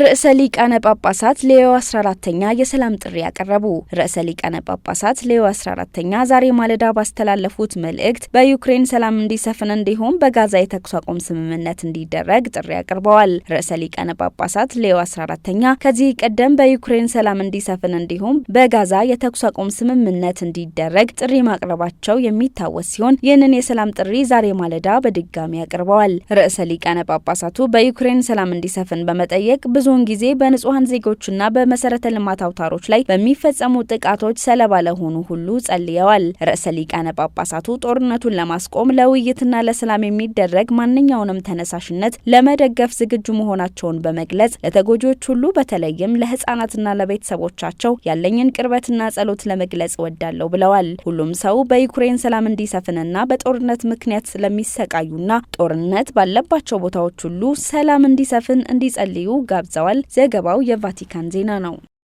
ርዕሰ ሊቃነ ጳጳሳት ሌዮ 14ተኛ የሰላም ጥሪ ያቀረቡ። ርዕሰ ሊቃነ ጳጳሳት ሌዮ 14ተኛ ዛሬ ማለዳ ባስተላለፉት መልእክት በዩክሬን ሰላም እንዲሰፍን እንዲሁም በጋዛ የተኩስ አቁም ስምምነት እንዲደረግ ጥሪ አቅርበዋል። ርዕሰ ሊቃነ ጳጳሳት ሌዮ 14ተኛ ከዚህ ቀደም በዩክሬን ሰላም እንዲሰፍን እንዲሁም በጋዛ የተኩስ አቁም ስምምነት እንዲደረግ ጥሪ ማቅረባቸው የሚታወስ ሲሆን ይህንን የሰላም ጥሪ ዛሬ ማለዳ በድጋሚ አቅርበዋል። ርዕሰ ሊቃነ ጳጳሳቱ በዩክሬን ሰላም እንዲሰፍን በመጠየቅ ብዙውን ጊዜ በንጹሐን ዜጎችና በመሰረተ ልማት አውታሮች ላይ በሚፈጸሙ ጥቃቶች ሰለባ ለሆኑ ሁሉ ጸልየዋል። ርዕሰ ሊቃነ ጳጳሳቱ ጦርነቱን ለማስቆም ለውይይትና ለሰላም የሚደረግ ማንኛውንም ተነሳሽነት ለመደገፍ ዝግጁ መሆናቸውን በመግለጽ ለተጎጂዎች ሁሉ በተለይም ለህጻናትና ለቤተሰቦቻቸው ያለኝን ቅርበትና ጸሎት ለመግለጽ እወዳለሁ ብለዋል። ሁሉም ሰው በዩክሬን ሰላም እንዲሰፍንና በጦርነት ምክንያት ስለሚሰቃዩና ጦርነት ባለባቸው ቦታዎች ሁሉ ሰላም እንዲሰፍን እንዲጸልዩ ጋብዘዋል። ገልጸዋል። ዘገባው የቫቲካን ዜና ነው።